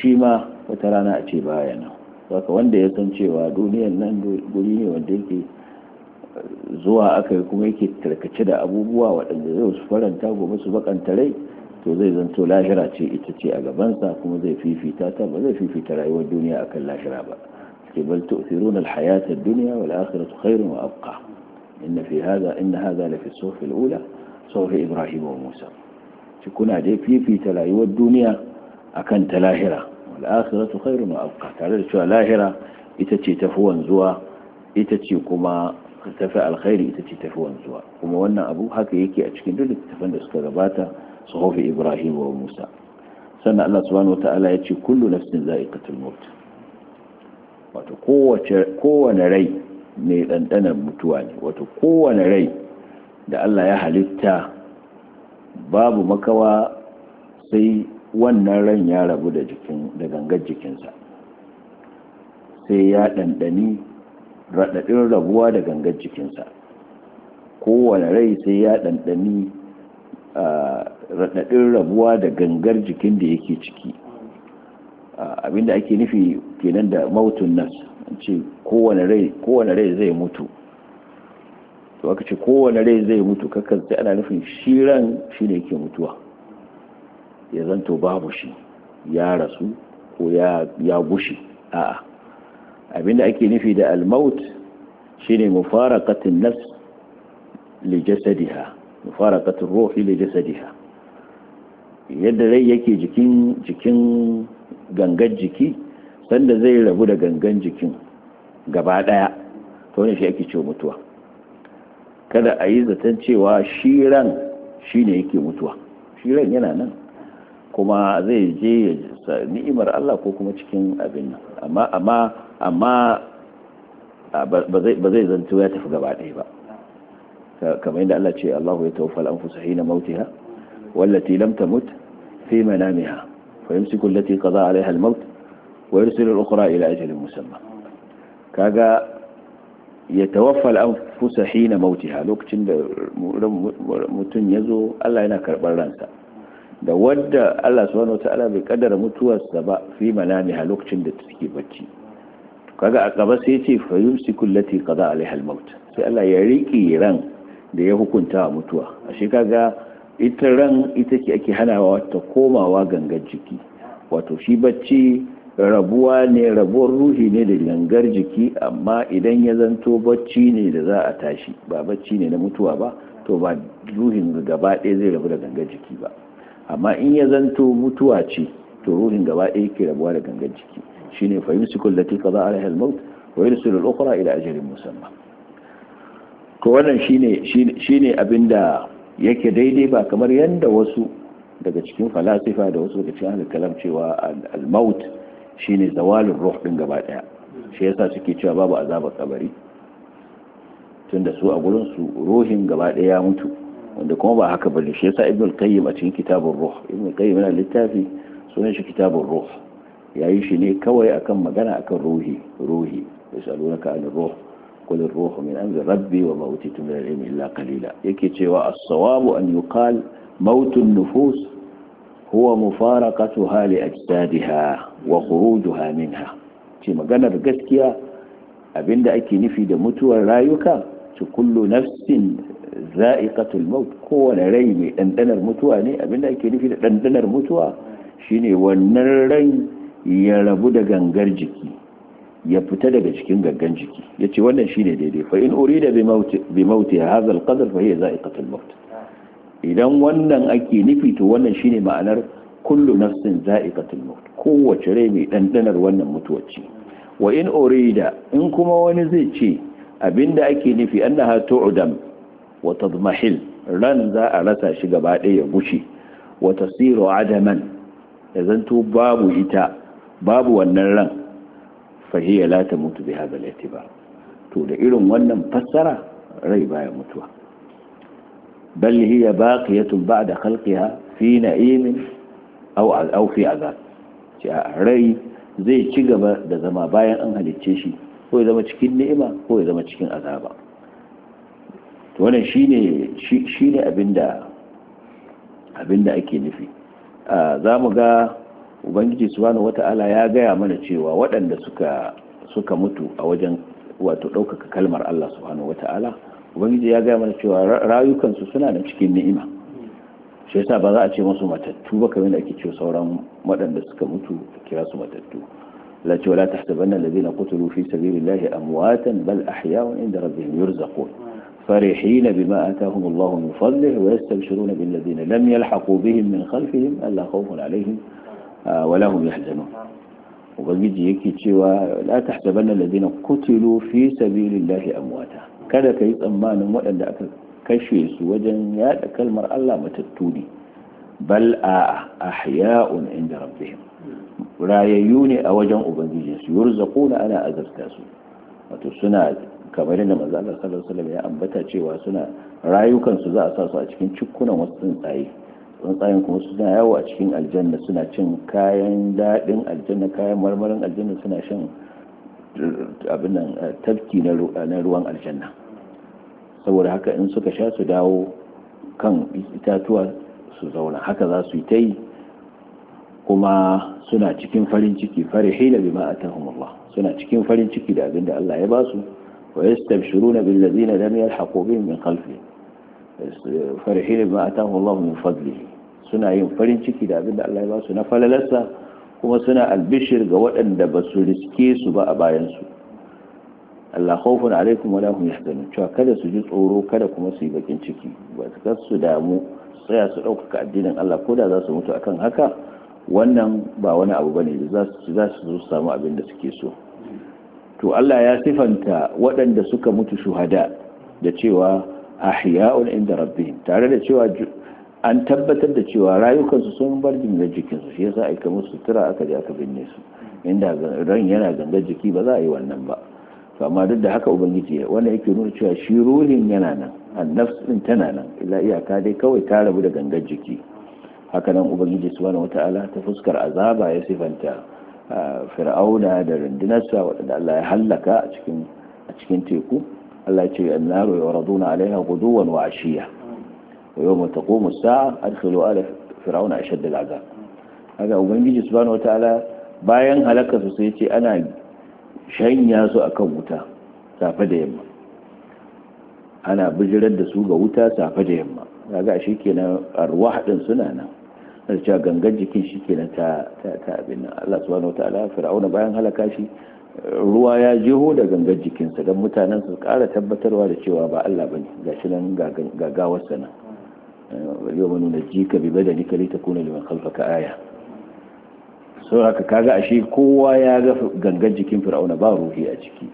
shi ma wata rana a ce baya nan saka wanda ya san cewa duniyan nan guri ne wanda yake zuwa aka kuma yake tarkace da abubuwa waɗanda zai su faranta gobe su bakanta rai to zai zanto lahira ce ita ce a gabansa kuma zai fifita ta ba zai fifita rayuwar duniya akan lahira ba ke bal tu'thiruna al ad-dunya wal akhiratu khairun wa abqa inna fi hadha inna hadha la fi as al-ula ibrahim wa musa ci kuna dai fifita rayuwar duniya akan ta lahira wal akhiratu khairun wa abqa tare da cewa lahira ita ce tafi wanzuwa ita ce kuma tafi alkhairi ita ce tafi wanzuwa kuma wannan abu haka yake a cikin duk littattafan da suka gabata tsohofin ibrahim wa musa sannan Allah subhanahu wata'ala ya ce kullu nafsin za'iqatul maut wato kowace kowane rai mai dandanan mutuwa ne wato kowane rai da Allah ya halitta babu makawa sai wannan ran ya rabu da jikin da gangar jikinsa sai ya dandani raɗaɗin rabuwa da gangar jikinsa kowane rai sai ya ɗanɗani raɗaɗin rabuwa da gangar jikin da yake ciki abinda ake nufi kenan da mautun an ce kowane rai zai mutu to aka ce kowane rai zai mutu kakan sai ana nufin shi ran shi ne yake mutuwa ya zanto babu shi ya rasu ko ya gushi a'a abinda ake nufi da almaut shi shine mafarakatun nafs li jasadiha mufaraqatur ruhi li jasadiha yadda rai yake jikin jikin gangan jiki sanda zai rabu da gangan jikin gaba daya to ne shi ake cewa mutuwa kada a yi zaton cewa shi ran shine yake mutuwa shi ran yana nan kuma zai je ni'imar Allah ko kuma cikin abin nan amma amma amma ba zai zanto ya tafi gaba ɗaya ba kamar yadda Allah ce Allahu ya tawaffal anfusa hina mautiha wallati lam tamut fi manamiha fa yumsiku allati qada alaiha al-maut wa yursilu al ila ajalin musamma kaga ya tawaffal anfusa hina mautiha lokacin da mutum ya zo Allah yana karbar ransa da wadda Allah subhanahu wataala bai kaddara mutuwarsa ba fi manamiha lokacin da take bacci kaga a gaba sai ce fa yumsiku allati Allah ya riƙe ran da ya hukunta mutuwa a kaga ita ran ita ce ake hanawa ta komawa gangar jiki wato shi bacci rabuwa ne rabuwar ruhi ne da gangar jiki amma idan ya zanto bacci ne da za a tashi ba bacci ne na mutuwa ba to ba ruhin gaba ɗaya zai rabu da gangar jiki ba amma in ya zanto mutuwa ce to ruhin gaba ɗaya yake rabuwa da gangar jiki shine fa yumsiku allati qada alaiha al-maut wa yursilu al-ukhra ila ajalin musamma ko wannan shine abin da yake daidai ba kamar yadda wasu daga cikin falasifa da wasu daga cikin kalam cewa al-maut shine zawalin ruh din gaba daya shi yasa suke cewa babu azabar kabari tunda su a gurin su ruhin gaba daya ya mutu wanda kuma ba haka bane shi yasa ibnu qayyim a cikin kitabun ruh ibnu qayyim yana littafi sunan shi kitabun ruh yayi shi ne kawai akan magana akan ruhi ruhi yasalunaka an ruh qul ar-ruhu min amri rabbi wa ma utitu min al-ilmi yake cewa as-sawabu an yuqal maut an-nufus huwa mufaraqatuha li ajdadiha wa khurujuha minha ce maganar gaskiya abinda ake nufi da mutuwar rayuka to kullu nafsin za'iqatul maut kowane rai mai dandanar mutuwa ne abinda ake nufi da dandanar mutuwa shine wannan rai ya rabu da gangar jiki ya fita daga cikin gaggan jiki yace wannan ne daidai fa in urida bi mauti a hazal hadha fa fa hiya za'iqatul maut idan wannan ake nufi to wannan shine ma'anar kullu nafsin za'iqatul maut kowace rai mai ɗanɗanar wannan mutuwaci wa in urida in kuma wani zai ce abinda ake nufi hato tu'dam wata tadmahil ran za a rasa shi gaba ɗaya ya gushe wa tasiru adaman ya zanto babu ita babu wannan ran fahiya la ta mutu bai hadha al-i'tibar to da irin wannan fassara rai baya mutuwa bal hiya baqiyatun ba'da khalqiha fi na'imin aw aw fi azab rai zai ci gaba da zama bayan an halicce shi ko ya zama cikin ni'ima ko ya zama cikin azaba to wannan shine shine abinda ake nufi za mu ga ubangiji subhanahu wata'ala ya gaya mana cewa waɗanda suka suka mutu a wajen wato ɗaukaka kalmar Allah subhanahu wata'ala ubangiji ya gaya mana cewa rayukansu suna da cikin ni'ima shi yasa ba za a ce musu matattu ba kamar da ake cewa sauran waɗanda suka mutu kira su matattu la ce wala tahsabanna alladhina qutilu fi sabilillahi amwatan bal ahya'un inda rabbihim yurzaqun فرحين بما آتاهم الله wa فضله ويستبشرون بالذين lam يلحقوا bihim min khalfihim alla خوف عليهم wala hum yahzanun ubangiji yake cewa la tahsabanna alladhina qutilu fi sabilillahi amwata kada ka yi tsammanin waɗanda aka kashe su wajen yada kalmar Allah matattu ne bal a ahya'un inda rabbihim rayayyu ne a wajen ubangiji su yurzaquna ana azarta su wato suna kamar yadda manzo Allah sallallahu alaihi wasallam ya ambata cewa suna rayukan su za a sa su a cikin cikkunan wasu tsuntsaye tsuntsayen kuma suna yawo a cikin aljanna suna cin kayan daɗin aljanna kayan marmarin aljanna suna shan abinan tafki na ruwan aljanna saboda haka in suka sha su dawo kan itatuwa su zauna haka za su yi ta yi kuma suna cikin farin ciki farihi da bima atahumullah suna cikin farin ciki da abin da Allah ya ba su wa yastabshiruna na ladzina na damiyar bihim min khalfihim farhi ba ta Allah min suna yin farin ciki da abin da Allah ya ba su na falalarsa kuma suna albishir ga waɗanda ba su riske su ba a bayan su Allah khawfun alaikum wala hum yahzanun cewa kada su ji tsoro kada kuma su yi bakin ciki ba su su damu tsaya su ɗaukaka addinin Allah ko da za su mutu akan haka wannan ba wani abu bane da za su zo samu abin da suke so to Allah ya sifanta waɗanda suka mutu shuhada da cewa ahya'un inda rabbihim tare da cewa an tabbatar da cewa rayukansu sun bar jingar jikinsu shi yasa aika musu sutura aka je aka binne su inda ran yana gangar jiki ba za a yi wannan ba to amma duk da haka ubangiji wanda yake nuna cewa shi ruhin yana nan annafs din tana nan illa iyaka dai kawai ta rabu da gangar jiki haka nan ubangiji subhanahu wataala ta fuskar azaba ya sifanta ah, fir'auna da rundunarsa waɗanda Allah ya hallaka a cikin teku Allah ce annaru na alaiha guduwan wa ashiya wa yawma taqumu as-sa'a adkhilu ala fir'auna ashadda al-'adab haka ubangiji wata ala bayan halaka su sai ce ana shanya su akan wuta safe da yamma ana bijirar da su ga wuta safe da yamma kaga shikenan arwah din suna nan da cewa gangan jikin shikenan ta ta abin nan Allah wata ala fir'auna bayan halaka shi ruwa ya jiho da gangar jikinsa don mutanen su kara tabbatarwa da cewa ba Allah ga shi nan gagawar eh, sana yau manu na ka bi da nikali ta kuna liman khalfaka aya sau haka kaga ashe kowa ya ga gangar jikin fir'auna ba ruhi a ciki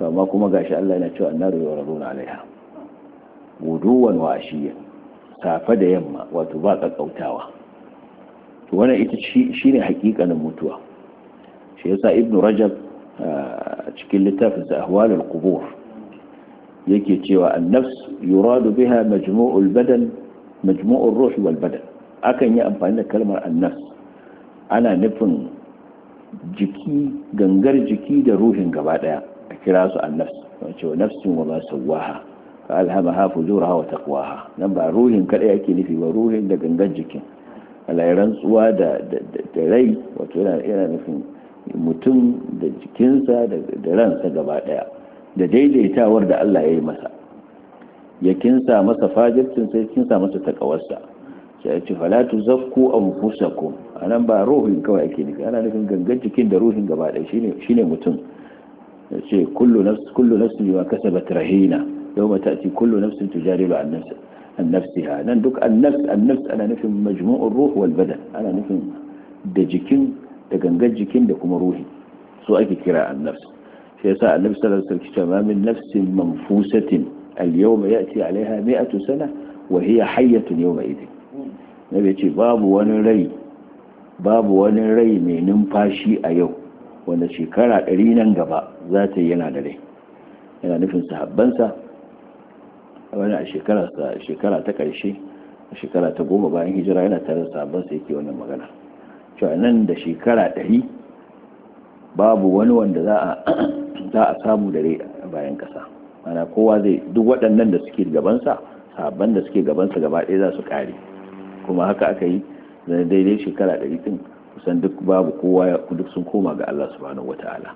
amma kuma shi Allah yana cewa annaru yuwaruna alaiha guduwan wa ashiya safa da yamma wato ba kakkautawa wannan ita shi shine hakikanin mutuwa shi yasa ibnu rajab a cikin littafin sa ahwalul qubur yake cewa an-nafs yuradu biha majmu'ul badan majmu'ur ruh wal badan akan yi amfani da kalmar an-nafs ana nufin jiki gangar jiki da ruhin gaba daya a kira su an-nafs wato nafsin wa ma sawaha fa alhamaha fujuraha wa taqwaha nan ba ruhin kadai yake nufi ba ruhin da gangar jikin alairan tsuwa da rai wato yana nufin mutum da jikinsa da ransa gaba daya da daidaitawar da Allah ya yi masa ya kinsa masa fajircin sai kinsa masa takawarsa sai ya ce falatu zakku anfusakum anan ba ruhin kawai ake nufi ana nufin gangan jikin da ruhin gaba daya shine shine mutum ya ce kullu nafs kullu nafs bima kasabat rahina yawma ta'ti kullu nafsin tujadilu an nafsiha an nafsiha nan duk an nafs an nafs ana nufin majmu'ur ruh wal badan ana nufin da jikin da gangar jikin da kuma ruhi su ake kira annafs sai yasa annabi sallallahu alaihi wasallam ma min nafsin manfusatin al-yawma ya'ti 'alayha mi'atu sana wa hiya hayyatun yawma idin nabi ce babu wani rai babu wani rai mai numfashi a yau wanda shekara 100 nan gaba za ta yi yana da rai yana nufin sahabbansa wani a shekara ta ƙarshe a shekara ta goma bayan hijira yana tare da sahabbansa yake wannan magana cewa da shekara ɗari babu wani wanda za a (clears throat) samu da rai a bayan ƙasa mana kowa zai duk waɗannan da suke gabansa sabon da suke gabansa gaba ɗaya za su ƙare kuma haka aka yi zane daidai shekara ɗari ɗin kusan duk babu kowa duk sun koma ga Allah subhanahu wata'ala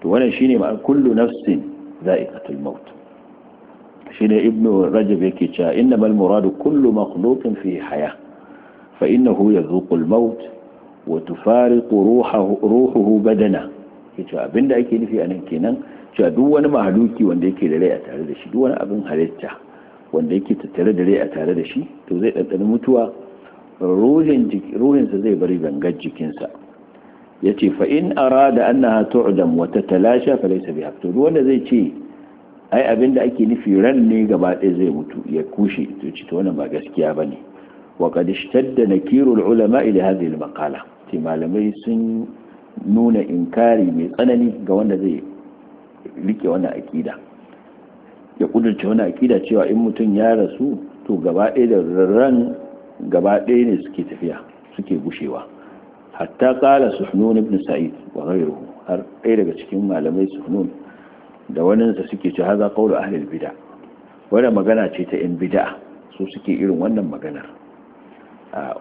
to wannan shine ma kullu nafsin za'iqatul maut shine ibnu rajab yake cewa innamal muradu kullu makhluqin fi haya fa innahu yazuqul maut wa tufariqu ruhuhu ruhuhu badana yace abinda ake nufi a nan kenan cewa duk wani mahaluki wanda yake da rai a tare da shi duk wani abin halitta wanda yake tattare da rai a tare da shi to zai ɗanɗani mutuwa ruhinsa zai bari gangar jikinsa ya ce fa'in a da an na tu'udam wata talasha falaisa biya to wanda zai ce ai abin da ake nufi ran ne gaba ɗaya zai mutu ya kushe to ci ta wannan ba gaskiya ba ne wa kadishtar da na kirul ulama ila hadhihi al maqala ce malamai sun nuna inkari mai tsanani ga wanda zai rike wani akida ya kudurce wani akida cewa in mutum ya rasu to gaba ɗaya da rarran gaba ɗaya ne suke tafiya suke gushewa hatta kala suhnun ibn sa'id wa ghayruhu har ɗaya daga cikin malamai suhnun da waninsa suke ce haza qawlu ahli bid'a wannan magana ce ta yan bid'a su suke irin wannan maganar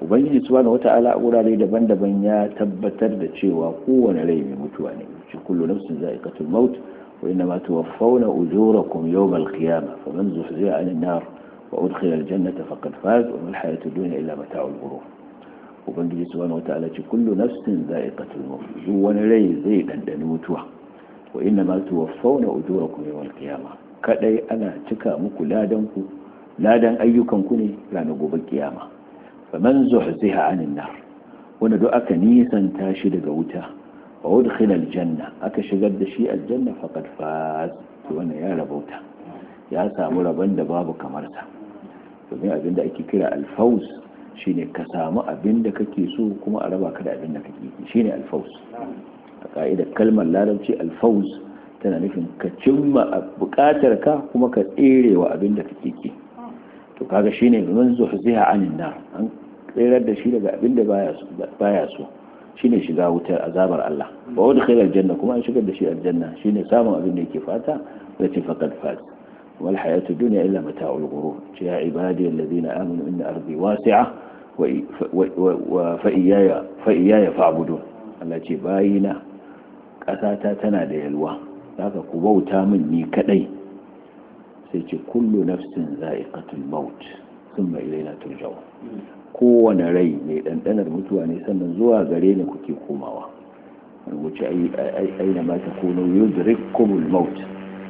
ubangiji su subhanahu wata'ala a wurare daban-daban ya tabbatar da cewa kowane rai mai mutuwa ne shi kullu nafsin za'iqatul maut wa inna ma tuwaffawna ujurakum yawmal qiyamah faman zuhziha 'anil nar wa udkhila al-jannata faqad faz wa mal hayatud dunya illa mata'ul ghurur ubangiji su subhanahu wata'ala ce kullu nafsin za'iqatul maut duk wani rai zai dandani mutuwa wa inna ma tuwaffawna ujurakum yawmal qiyamah kadai ana cika muku ladan ku ladan ayyukan ku ne ranar gobe kiyama faman zuhziha anin nar wanda duk aka nisanta shi daga wuta wa udkhila aljanna aka shigar da shi aljanna faqad faz to wannan ya rabauta ya samu rabon da babu kamar sa domin abinda ake kira alfaus shine ka samu abinda kake so kuma a raba ka da abinda kake shine alfaus a ka'idar kalmar larabci alfaus tana nufin ka cimma bukatar ka kuma ka tsere wa abin kake ke to kaga shine man zuhziha anin nar tsirar da shi daga abin da baya so shine shiga wutar azabar Allah ba wani khairar janna kuma an shigar da shi aljanna shine samun abin da yake fata da ce faqad faz wal hayatu dunya illa mata'ul ghurur ce ya ibadi alladhina amanu inna ardi wasi'a wa fa iyaya fa iyaya fa'budun Allah ce bayina kasata tana da yalwa haka ku bauta min ni kadai sai ce kullu nafsin za'iqatul maut thumma ilayna turja'un kowane rai mai ɗanɗanar mutuwa ne sannan zuwa gare ni kuke komawa wuce aina ma ta kuno yudrikumul maut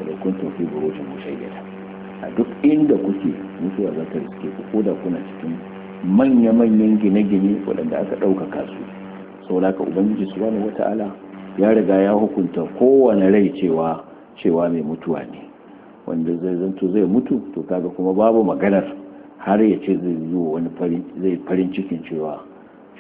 da kuntum fi burujin mushayyada a duk inda kuke mutuwa za ta riske ku ko da kuna cikin manya-manyan gine-gine waɗanda aka ɗaukaka su sau da ka ubangiji wani wata'ala ya riga ya hukunta kowane rai cewa cewa mai mutuwa ne wanda zai zanto zai mutu to kaga kuma babu maganar har ya ce zai yi wani farin cikin cewa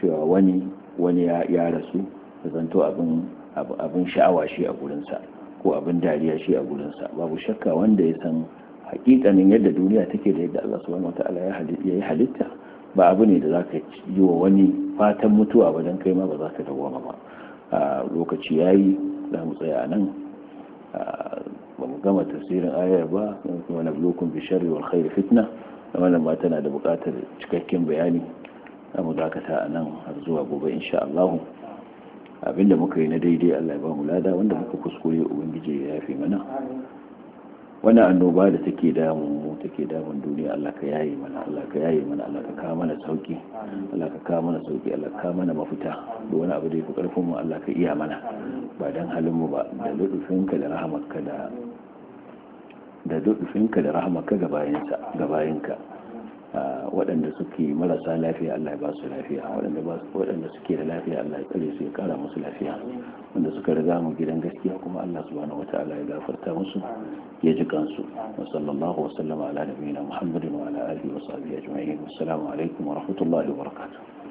cewa wani wani ya rasu da zanto abin abin sha'awa shi a gurinsa ko abin dariya shi a gurinsa babu shakka wanda ya san hakikanin yadda duniya take da yadda Allah subhanahu ta'ala ya yi halitta ba abu ne da za ka yi wa wani fatan mutuwa ba don kai ma ba za ka dawoma ba a lokaci ya yi za mu tsaya a nan ba mu gama tasirin ayar ba wani blokun bishari wal khair fitna wannan ma tana da buƙatar cikakken bayani za mu dakata a nan har zuwa gobe insha Allah da muka yi na daidai Allah ya ba mu lada wanda muka kuskure ubangiji ya yafe mana wannan annoba da take damun mu take damun duniya Allah ka yaye mana Allah ka yaye mana Allah ka kawo mana sauki Allah ka kawo mana sauki Allah ka kawo mana mafita da wani abu da yake karfin mu Allah ka iya mana ba dan halin mu ba da lutufinka da rahamarka da da dutsinka da rahamaka ga bayanka ah, waɗanda suke marasa lafiya Allah ya ba su lafiya waɗanda suke da lafiya Allah ya tsare su ya ƙara musu lafiya wanda suka riga mu gidan gaskiya kuma Allah subhanahu wata'ala ya gafarta musu ya ji kansu wa sallallahu wa sallama ala nabiyina Muhammadin wa ala alihi wa sahbihi ajma'in assalamu alaikum wa rahmatullahi wa barakatuh